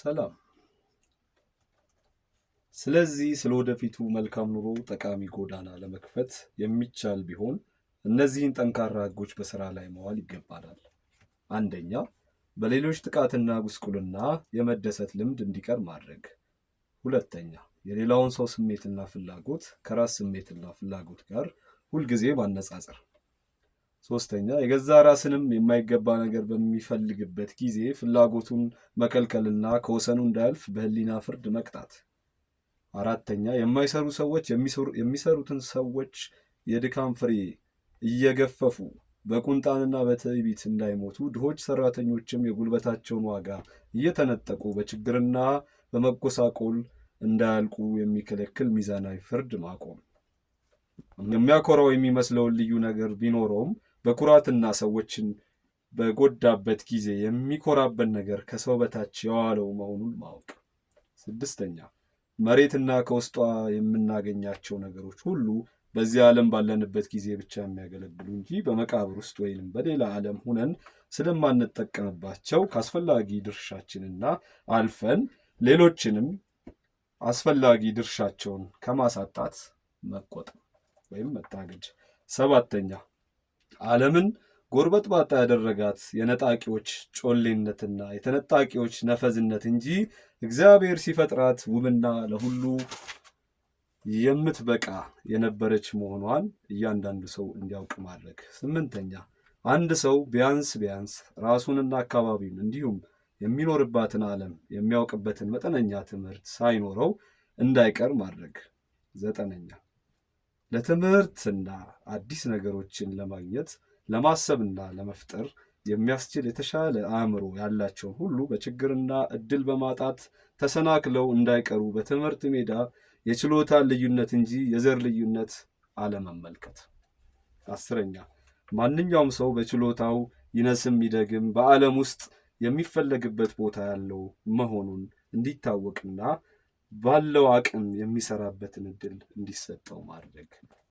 ሰላም። ስለዚህ ስለ ወደፊቱ መልካም ኑሮ ጠቃሚ ጎዳና ለመክፈት የሚቻል ቢሆን እነዚህን ጠንካራ ህጎች በስራ ላይ መዋል ይገባናል። አንደኛ፣ በሌሎች ጥቃትና ጉስቁልና የመደሰት ልምድ እንዲቀር ማድረግ። ሁለተኛ፣ የሌላውን ሰው ስሜትና ፍላጎት ከራስ ስሜትና ፍላጎት ጋር ሁልጊዜ ማነጻጸር ሶስተኛ የገዛ ራስንም የማይገባ ነገር በሚፈልግበት ጊዜ ፍላጎቱን መከልከልና ከወሰኑ እንዳያልፍ በህሊና ፍርድ መቅጣት። አራተኛ የማይሰሩ ሰዎች የሚሰሩትን ሰዎች የድካም ፍሬ እየገፈፉ በቁንጣንና በትዕቢት እንዳይሞቱ ድሆች ሰራተኞችም የጉልበታቸውን ዋጋ እየተነጠቁ በችግርና በመጎሳቆል እንዳያልቁ የሚከለክል ሚዛናዊ ፍርድ ማቆም። የሚያኮራው የሚመስለውን ልዩ ነገር ቢኖረውም በኩራትና ሰዎችን በጎዳበት ጊዜ የሚኮራበት ነገር ከሰው በታች የዋለው መሆኑን ማወቅ። ስድስተኛ መሬትና ከውስጧ የምናገኛቸው ነገሮች ሁሉ በዚህ ዓለም ባለንበት ጊዜ ብቻ የሚያገለግሉ እንጂ በመቃብር ውስጥ ወይም በሌላ ዓለም ሁነን ስለማንጠቀምባቸው ከአስፈላጊ ድርሻችንና አልፈን ሌሎችንም አስፈላጊ ድርሻቸውን ከማሳጣት መቆጠብ ወይም መታገድ። ሰባተኛ ዓለምን ባጣ ያደረጋት የነጣቂዎች ጮሌነትና የተነጣቂዎች ነፈዝነት እንጂ እግዚአብሔር ሲፈጥራት ውብና ለሁሉ የምትበቃ የነበረች መሆኗን እያንዳንዱ ሰው እንዲያውቅ ማድረግ። ስምንተኛ አንድ ሰው ቢያንስ ቢያንስ ራሱንና አካባቢውን እንዲሁም የሚኖርባትን ዓለም የሚያውቅበትን መጠነኛ ትምህርት ሳይኖረው እንዳይቀር ማድረግ። ዘጠነኛ ለትምህርትና አዲስ ነገሮችን ለማግኘት ለማሰብና ለመፍጠር የሚያስችል የተሻለ አእምሮ ያላቸውን ሁሉ በችግርና እድል በማጣት ተሰናክለው እንዳይቀሩ በትምህርት ሜዳ የችሎታ ልዩነት እንጂ የዘር ልዩነት አለመመልከት። አስረኛ ማንኛውም ሰው በችሎታው ይነስም ይደግም በዓለም ውስጥ የሚፈለግበት ቦታ ያለው መሆኑን እንዲታወቅና ባለው አቅም የሚሰራበትን እድል እንዲሰጠው ማድረግ